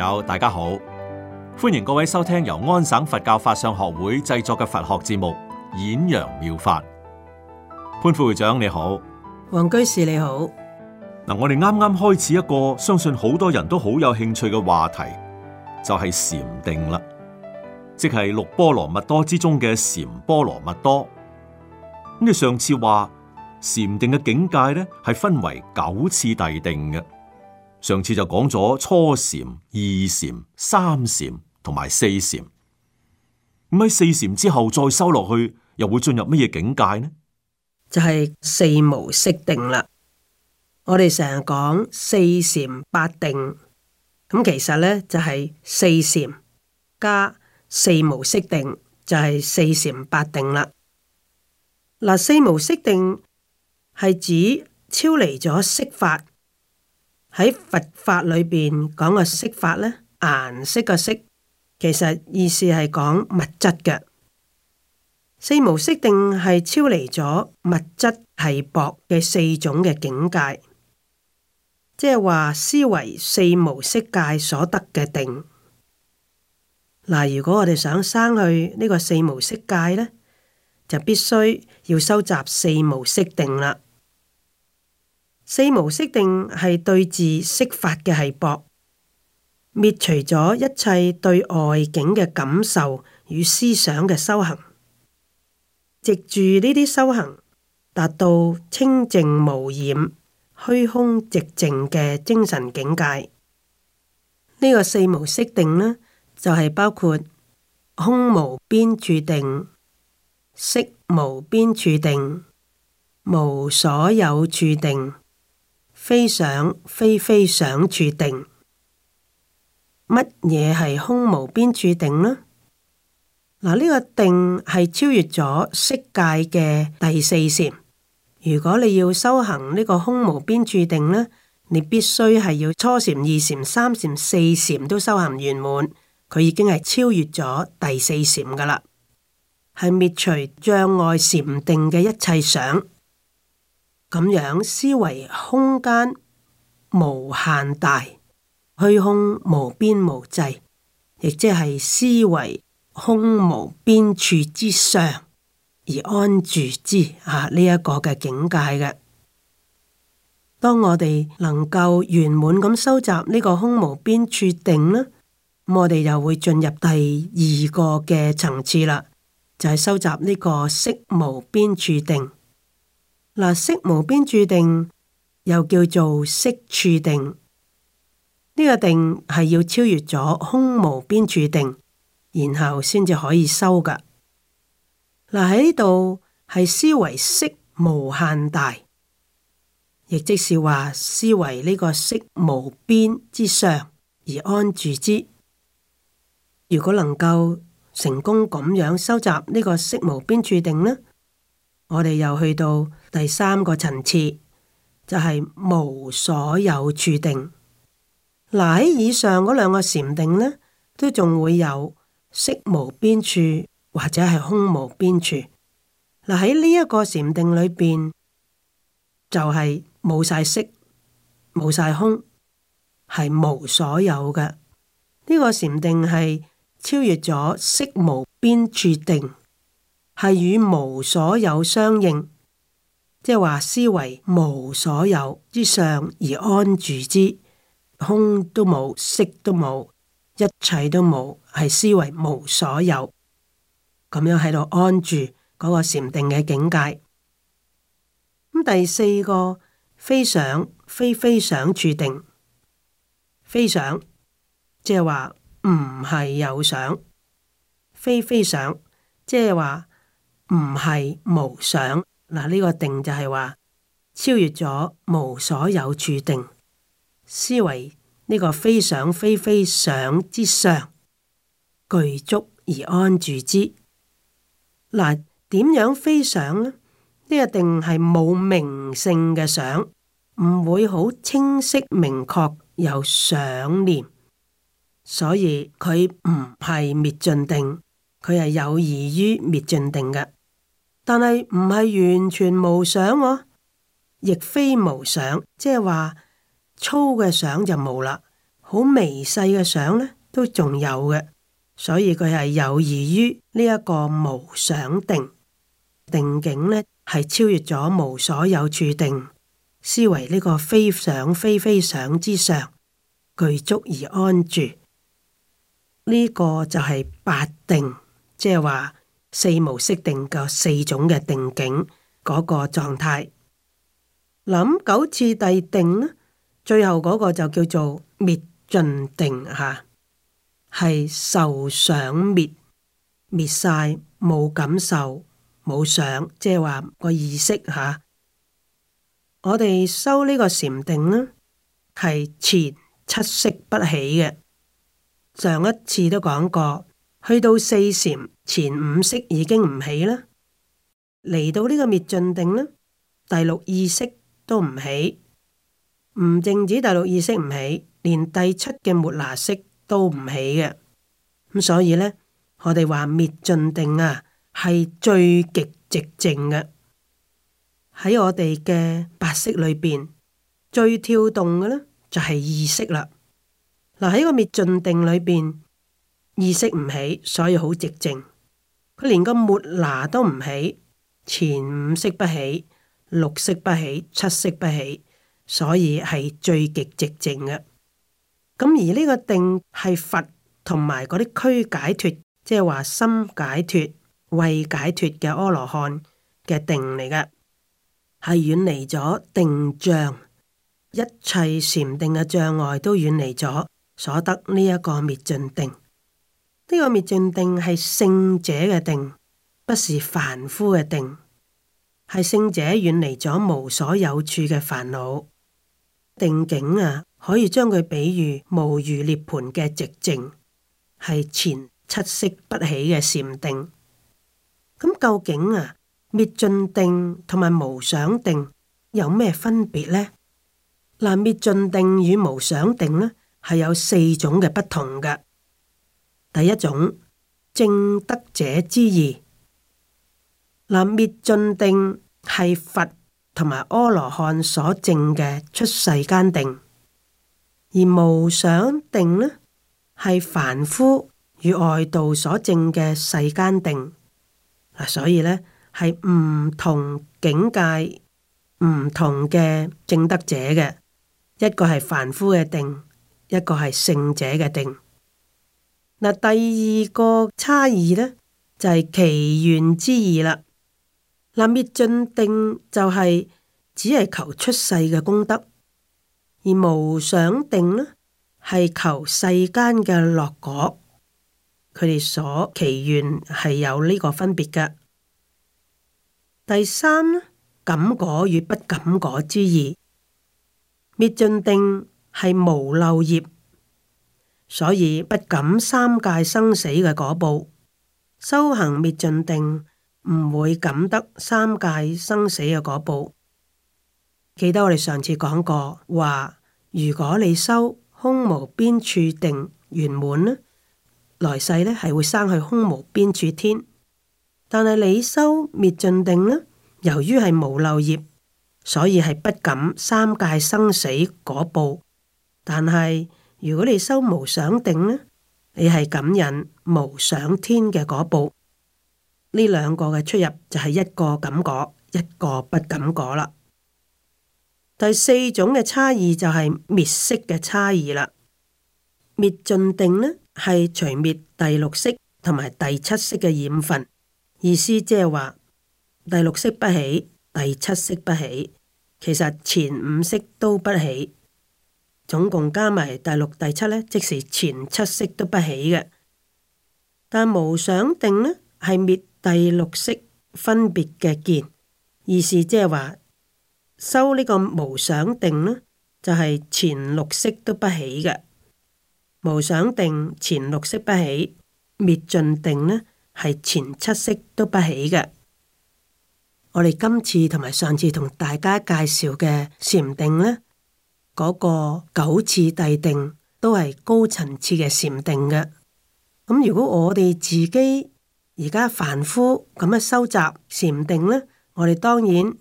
有大家好，歡迎各位收聽由安省佛教法相學會製作嘅佛學節目《演揚妙法》。潘副會長你好，黃居士你好。嗱，我哋啱啱開始一個相信好多人都好有興趣嘅話題，就係、是、禪定啦，即係六波羅蜜多之中嘅禪波羅蜜多。咁你上次話禪定嘅境界咧，係分為九次第定嘅。上次就講咗初禪、二禪、三禪同埋四禪，咁喺四禪之後再修落去，又會進入乜嘢境界呢？就係四無色定啦。我哋成日講四禪八定，咁其實咧就係、是、四禪加四無色定，就係、是、四禪八定啦。嗱，四無色定係指超離咗色法。喺佛法裏邊講個色法呢，顏色嘅色，其實意思係講物質嘅。四無色定係超離咗物質係薄嘅四種嘅境界，即係話思維四無色界所得嘅定。嗱，如果我哋想生去呢個四無色界呢，就必須要收集四無色定啦。四無色定係對治色法嘅係博滅除咗一切對外境嘅感受與思想嘅修行，藉住呢啲修行，達到清淨無染、虛空寂靜嘅精神境界。呢、這個四無色定呢，就係、是、包括空無邊處定、識無邊處定、無所有處定、非想非非想處定，乜嘢係空無邊處定呢？嗱，呢個定係超越咗色界嘅第四禪。如果你要修行呢個空無邊處定呢，你必須係要初禪、二禪、三禪、四禪都修行圓滿，佢已經係超越咗第四禪噶啦，係滅除障礙禪定嘅一切想。咁樣思維空間無限大，虛空無邊無際，亦即係思維空無邊處之上而安住之啊！呢、這、一個嘅境界嘅，當我哋能夠圓滿咁收集呢個空無邊處定咧，咁我哋又會進入第二個嘅層次啦，就係、是、收集呢個識無邊處定。嗱，識無邊處定，又叫做識處定。呢、這個定係要超越咗空無邊處定，然後先至可以修㗎。嗱，喺呢度係思維識無限大，亦即是話思維呢個識無邊之上而安住之。如果能夠成功咁樣修習呢個識無邊處定呢，我哋又去到。第三個層次就係、是、無所有處定。嗱，喺以上嗰兩個禪定呢，都仲會有色無邊處或者係空無邊處。嗱，喺呢一個禪定裏邊，就係冇晒色、冇晒空，係無所有嘅。呢、這個禪定係超越咗色無邊處定，係與無所有相應。即係話思維無所有之上而安住之，空都冇色，都冇一切都冇，係思維無所有，咁樣喺度安住嗰個禪定嘅境界。咁、嗯、第四個非想非非想處定，非想，即係話唔係有想，非非想，即係話唔係無想。嗱，呢個定就係話超越咗無所有處定，思維呢、這個非想非非想之上，具足而安住之。嗱、嗯，點樣非想呢？呢、這個定係冇名性嘅想，唔會好清晰明確有想念，所以佢唔係滅盡定，佢係有異於滅盡定嘅。但係唔係完全無想啊，亦非無想，即係話粗嘅想就冇啦，好微細嘅想呢都仲有嘅，所以佢係有異於呢一個無想定，定境呢係超越咗無所有處定，思維呢個非想非非想之上，具足而安住，呢個就係八定，即係話，四無色定嘅四種嘅定境嗰、那個狀態，諗九次第定呢，最後嗰個就叫做滅盡定吓，係受想滅，滅晒冇感受冇想，即係話個意識吓。我哋修呢個禪定呢，係前七識不起嘅，上一次都講過。去到四禪前五識已經唔起啦，嚟到呢個滅盡定呢，第六意識都唔起，唔淨止第六意識唔起，連第七嘅末那識都唔起嘅。咁所以呢，我哋話滅盡定啊，係最極寂靜嘅。喺我哋嘅八識裏邊，最跳動嘅呢，就係意識啦。嗱喺個滅盡定裏邊。意識唔起，所以好寂靜。佢連個末那都唔起，前五識不起，六識不起，七識不起，所以係最極寂靜嘅。咁而呢個定係佛同埋嗰啲俱解脫，即係話心解脫、慧解脫嘅阿羅漢嘅定嚟嘅，係遠離咗定障，一切禪定嘅障礙都遠離咗，所得呢一個滅盡定。呢個滅盡定係聖者嘅定，不是凡夫嘅定。係聖者遠離咗無所有處嘅煩惱定境啊！可以將佢比喻無餘涅盤嘅寂靜，係前七識不起嘅禪定。咁究竟啊，滅盡定同埋無想定有咩分別呢？嗱，滅盡定與無想定呢，係有四種嘅不同㗎。第一種正德者之義，嗱，滅盡定係佛同埋阿羅漢所證嘅出世間定，而無想定呢係凡夫與外道所證嘅世間定。嗱，所以呢係唔同境界、唔同嘅正德者嘅，一個係凡夫嘅定，一個係聖者嘅定。嗱，第二個差異呢，就係祈願之異啦。嗱，滅盡定就係只係求出世嘅功德，而無想定呢，係求世間嘅樂果。佢哋所祈願係有呢個分別嘅。第三咧，感果與不感果之異，滅盡定係無漏業。所以不感三界生死嘅果報，修行滅盡定唔會感得三界生死嘅果報。記得我哋上次講過，話如果你修空無邊處定圓滿呢，來世呢，係會生去空無邊處天。但係你修滅盡定呢，由於係無漏業，所以係不感三界生死果報。但係。如果你修無想定呢，你係感應無想天嘅嗰部，呢兩個嘅出入就係一個感果，一個不感果啦。第四種嘅差異就係滅色嘅差異啦。滅盡定呢係除滅第六色同埋第七色嘅染分，意思即係話第六色不起，第七色不起，其實前五色都不起。總共加埋第六、第七呢，即是前七識都不起嘅。但無想定呢，係滅第六識分別嘅見，意思，即係話收呢個無想定呢，就係、是、前六識都不起嘅。無想定前六識不起，滅盡定呢，係前七識都不起嘅。我哋今次同埋上次同大家介紹嘅禪定呢。嗰個九次第定都係高層次嘅禪定嘅。咁如果我哋自己而家凡夫咁樣收集禪定呢，我哋當然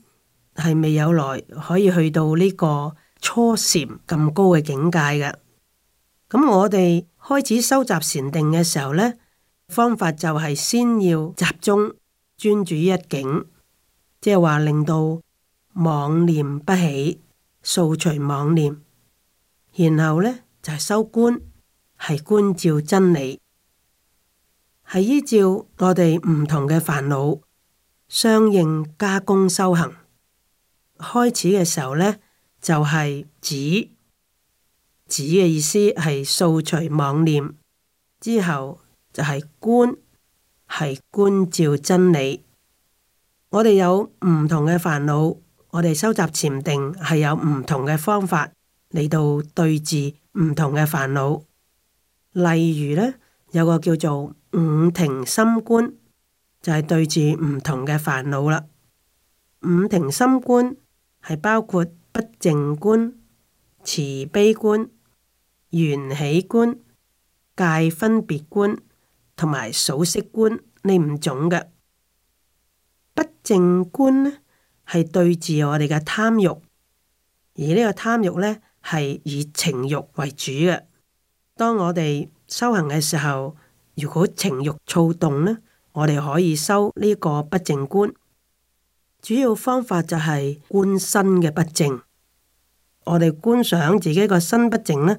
係未有來可以去到呢個初禪咁高嘅境界嘅。咁我哋開始收集禪定嘅時候呢，方法就係先要集中專注一境，即係話令到妄念不起。掃除妄念，然後呢就係修觀，係觀照真理，係依照我哋唔同嘅煩惱相應加工修行。開始嘅時候呢就係、是、止，止嘅意思係掃除妄念，之後就係觀，係觀照真理。我哋有唔同嘅煩惱。我哋收集禪定係有唔同嘅方法嚟到對治唔同嘅煩惱，例如呢，有個叫做五停心觀，就係、是、對治唔同嘅煩惱啦。五停心觀係包括不淨觀、慈悲觀、緣起觀、界分別觀同埋數息觀呢五種嘅。不淨觀咧。係對治我哋嘅貪欲，而呢個貪欲呢係以情欲為主嘅。當我哋修行嘅時候，如果情欲躁動呢，我哋可以修呢個不淨觀，主要方法就係觀身嘅不淨。我哋觀想自己個身不淨呢，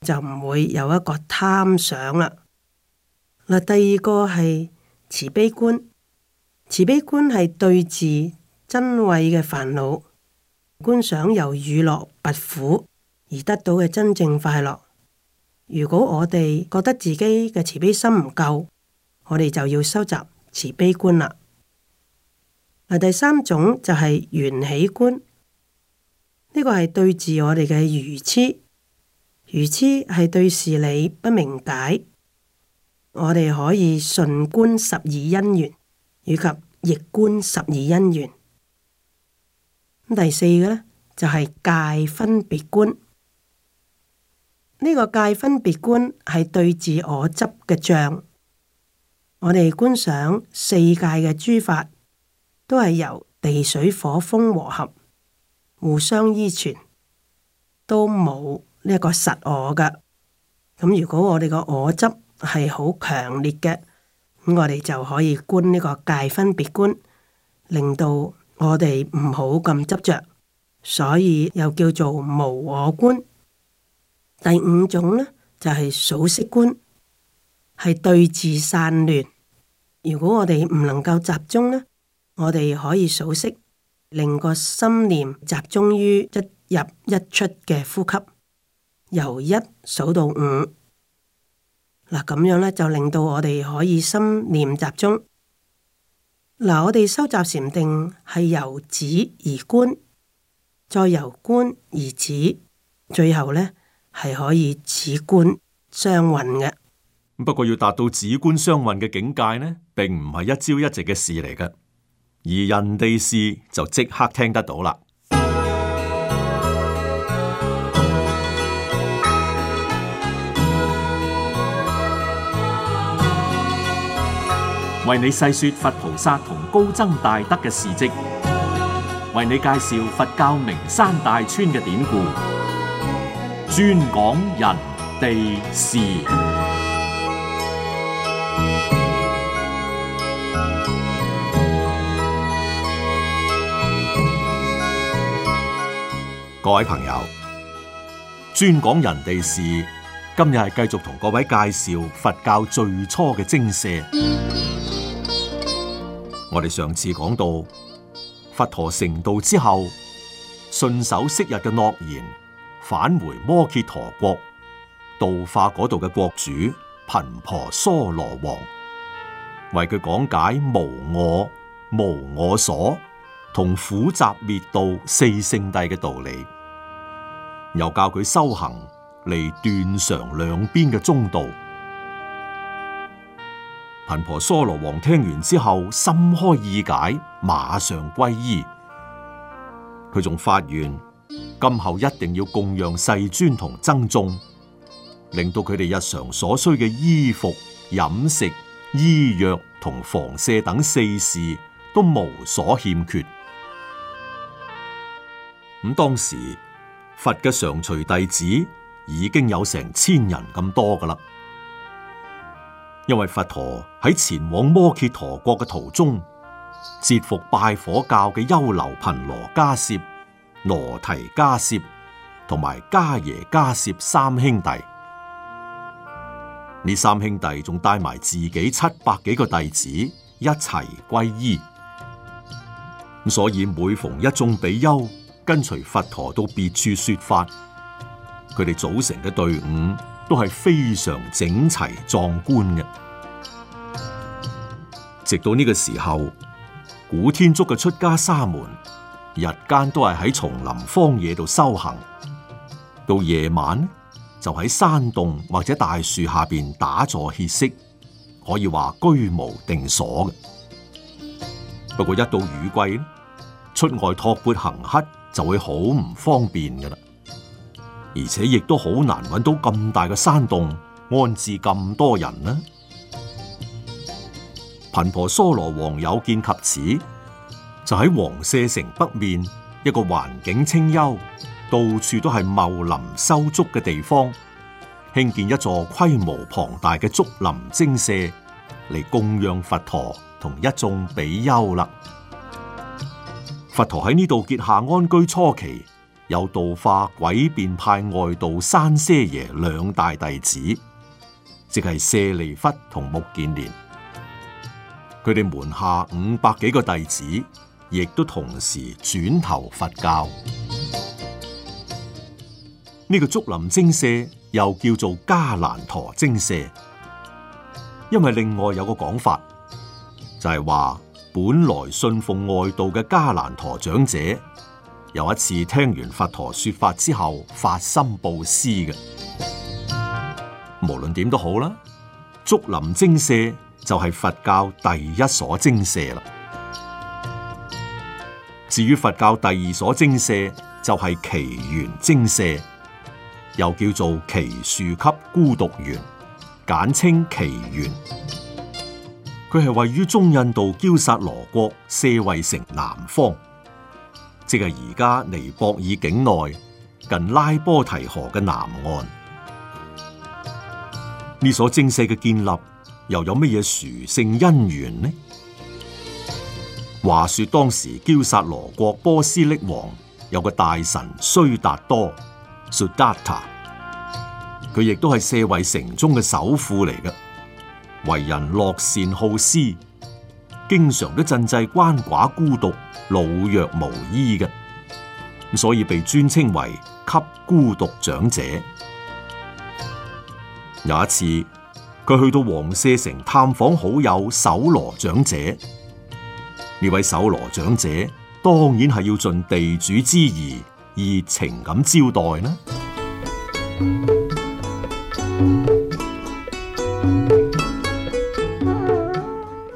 就唔會有一個貪想啦。嗱，第二個係慈悲觀，慈悲觀係對治瞋恚嘅煩惱，觀想由與樂拔苦而得到嘅真正快樂。如果我哋覺得自己嘅慈悲心唔夠，我哋就要修習慈悲觀啦。第三種就係緣起觀，呢、這個係對治我哋嘅愚痴。愚痴係對事理不明解，我哋可以順觀十二因緣，以及逆觀十二因緣。第四個呢，就係、是、界分別觀。呢、這個界分別觀係對治我執嘅像，我哋觀想四界嘅諸法都係由地水火風和合，互相依存，都冇呢一個實我嘅。咁如果我哋個我執係好強烈嘅，咁我哋就可以觀呢個界分別觀，令到。我哋唔好咁執着，所以又叫做無我觀。第五種呢，就係數息觀，係對治散亂。如果我哋唔能夠集中呢，我哋可以數息，令個心念集中於一入一出嘅呼吸，由一數到五。嗱，咁樣呢，就令到我哋可以心念集中。嗱，我哋收集禪定係由止而觀，再由觀而止，最後咧，係可以止觀相運嘅。不過要達到止觀相運嘅境界咧，並唔係一朝一夕嘅事嚟嘅，而人哋事就即刻聽得到啦。為你細說佛菩薩同高僧大德嘅事跡，為你介紹佛教名山大川嘅典故，專講人哋事。各位朋友，專講人哋事，今日係繼續同各位介紹佛教最初嘅精舍。我哋上次講到，佛陀成道之後，順守昔日嘅諾言，返回摩揭陀國，度化嗰度嘅國主頻婆娑羅王，為佢講解無我、無我所同苦集滅道四聖諦嘅道理，又教佢修行嚟斷常兩邊嘅中道。頻婆娑羅王聽完之後心開意解，馬上皈依。佢仲發願，今後一定要供養世尊同僧眾，令到佢哋日常所需嘅衣服、飲食、醫藥同房舍等四事都無所欠缺。咁當時佛嘅常隨弟子已經有成千人咁多㗎喇。因為佛陀喺前往摩羯陀國嘅途中，折服拜火教嘅優樓頻羅加涉、羅提加涉同埋加耶加涉三兄弟。呢三兄弟仲帶埋自己七百幾個弟子一齊皈依。所以每逢一眾比丘跟隨佛陀到別處說法，佢哋組成嘅隊伍，都係非常整齊壯觀嘅。直到呢個時候，古天竺嘅出家沙門，日間都係喺叢林荒野度修行，到夜晚就喺山洞或者大樹下邊打坐歇息，可以話居無定所嘅。不過一到雨季呢，出外托鉢行乞就會好唔方便㗎喇。而且亦都好難揾到咁大嘅山洞安置咁多人呢。頻婆娑羅王有見及此，就喺王舍城北面一個環境清幽、到處都係茂林修竹嘅地方，興建一座規模龐大嘅竹林精舍嚟供養佛陀同一眾比丘啦。佛陀喺呢度結下安居初期，有道化詭辯派外道山些爺兩大弟子，即係舍利弗同目犍連，佢哋門下五百幾個弟子，亦都同時轉投佛教。呢、這個竹林精舍又叫做迦蘭陀精舍，因為另外有個講法，就係、是、話本來信奉外道嘅迦蘭陀長者。有一次聽完佛陀說法之後發心布施嘅。無論點都好啦，竹林精舍就係佛教第一所精舍啦。至於佛教第二所精舍就係祇園精舍，又叫做祇樹給孤獨園，簡稱祇園。佢係位於中印度憍薩羅國舍衛城南方，即係而家尼泊爾境內近拉波提河嘅南岸，呢所精舍嘅建立又有乜嘢殊勝因緣呢？話說當時驕殺羅國波斯匿王，有個大臣須達多，Sudatta 佢亦都係舍衛城中嘅首富嚟嘅，為人樂善好施。經常都賑濟鰥寡孤獨老弱無依嘅，所以被尊稱為給孤獨長者。有一次，佢去到王舍城探訪好友守羅長者，呢位守羅長者當然係要盡地主之誼，熱情咁招待啦。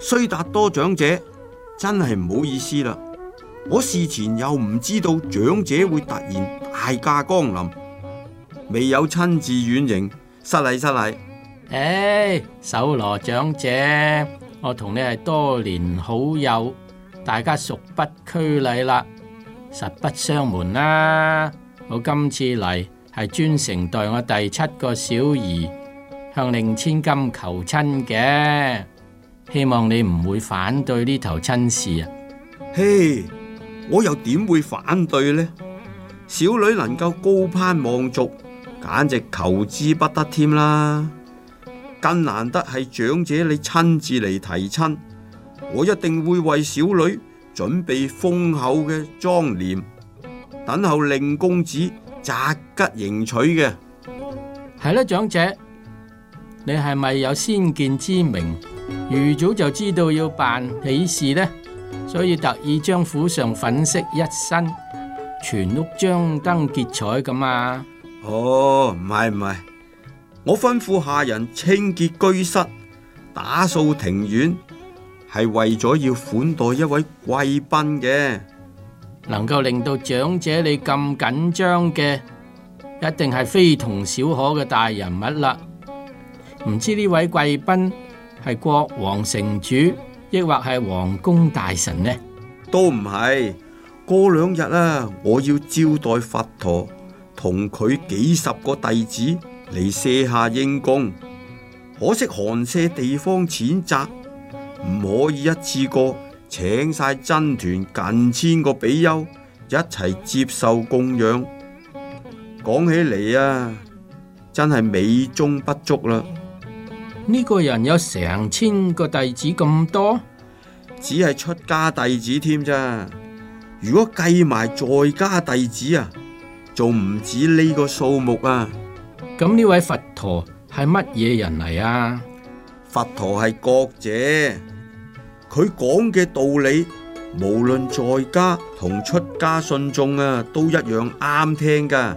須達多長者，真係唔好意思啦！我事前又唔知道長者會突然大駕光臨，未有親自遠迎，失禮失禮。唉，守羅長者，我同你係多年好友，大家熟不拘禮啦。實不相瞞啦，我今次嚟係專程代我第七個小兒向令千金求親嘅。希望你唔會反對呢頭親事啊！嘿，我又點會反對呢？小女能夠高攀望族，簡直求之不得添啦！更難得係長者你親自嚟提親，我一定會為小女準備豐厚嘅妝奩，等候令公子擇吉迎娶嘅。係啦，長者，你係咪有先見之明？預早就知道要辦喜事呢，所以特意將府上粉飾一新，全屋張燈結綵咁啊。哦，唔係唔係，我吩咐下人清潔居室、打掃庭院，係為咗要款待一位貴賓嘅，能夠令到長者你咁緊張嘅，一定係非同小可嘅大人物啦。唔知呢位貴賓？係國王城主，抑或係皇宮大臣呢？都唔係。過兩日啊，我要招待佛陀同佢幾十個弟子嚟舍下應供。可惜寒舍地方淺窄，唔可以一次過請晒僧團近千個比丘一齊接受供養。講起嚟啊，真係美中不足啦。呢個人有成千個弟子咁多，只係出家弟子添咋？如果計埋在家弟子啊，就唔止呢個數目啊！咁呢位佛陀係乜嘢人嚟啊？佛陀係覺者，佢講嘅道理，無論在家同出家信眾啊，都一樣啱聽㗎。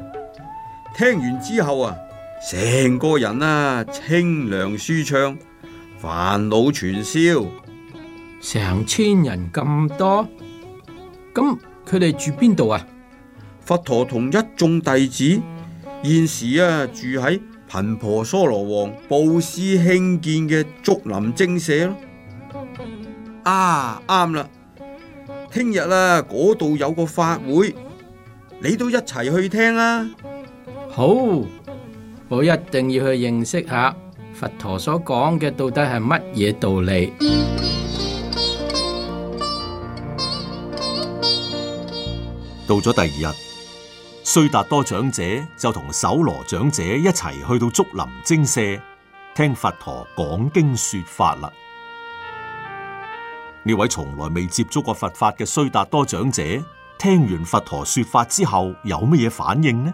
聽完之後啊。成個人啊，清涼舒暢，煩惱全消。成千人咁多，咁佢哋住邊度啊？佛陀同一眾弟子現時啊，住喺頻婆娑羅王布施興建嘅竹林精舍咯。啊，啱啦！聽日啊，嗰度有個法會，你都一齊去聽啊！好。我一定要去認識下佛陀所講嘅到底係乜嘢道理。到咗第二日，須達多長者就同守羅長者一齊去到竹林精舍聽佛陀講經說法啦。呢位從來未接觸過佛法嘅須達多長者，聽完佛陀說法之後，有乜嘢反應呢？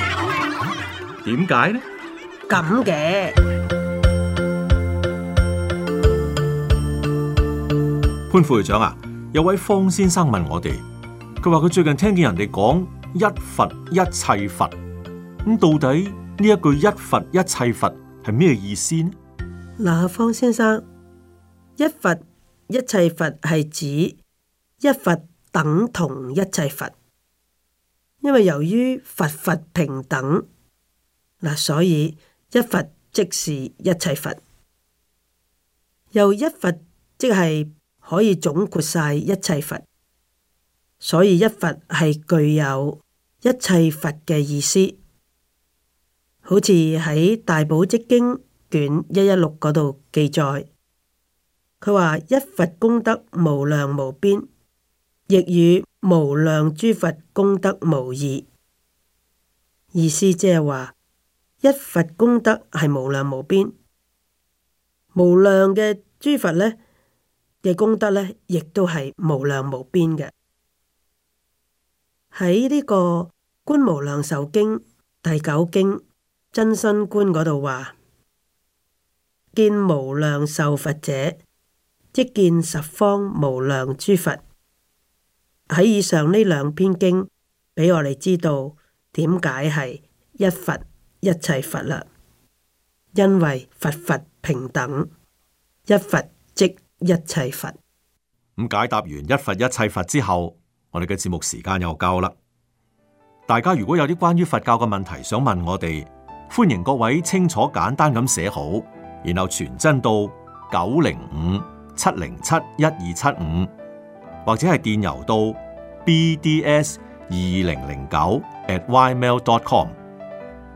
點解呢？咁嘅，潘副會長啊，有位方先生問我哋，佢話佢最近聽見人哋講一佛一切佛，咁到底呢一句一佛一切佛係咩意思呢？嗱，方先生，一佛一切佛係指一佛等同一切佛，因為由於佛佛平等。嗱，所以一佛即是一切佛，又一佛即係可以總括晒一切佛，所以一佛係具有一切佛嘅意思。好似喺《大寶積經》卷一一六嗰度記載，佢話一佛功德無量無邊，亦與無量諸佛功德無異。意思即係話，一佛功德係無量無邊，無量嘅諸佛呢嘅功德呢，亦都係無量無邊嘅。喺呢個《觀無量壽經》第九經《真身觀》嗰度話，見無量受佛者，即見十方無量諸佛。喺以上呢兩篇經，俾我哋知道點解係一佛。一切佛啦，因為佛佛平等，一佛即一切佛。咁解答完一佛一切佛之後，我哋嘅節目時間又夠啦。大家如果有啲關於佛教嘅問題想問我哋，歡迎各位清楚簡單咁寫好，然後傳真到九零五七零七一二七五，75，或者係電郵到 bds 二零零九 at ymail.com。